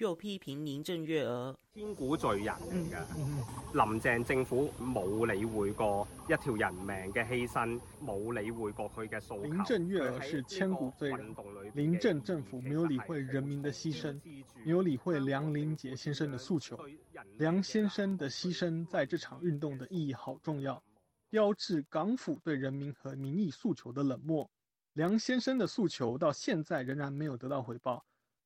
又批評林鄭月娥千古罪人，林鄭政府冇理會過一條人命嘅犧牲，冇理會過佢嘅訴林鄭月娥是千古罪人，林鄭政府沒有理會人民的犧牲，沒有理會梁凌杰先生的訴求。梁先生的犧牲在這場運動的意義好重要，標誌港府對人民和民意訴求的冷漠。梁先生的訴求到現在仍然沒有得到回報。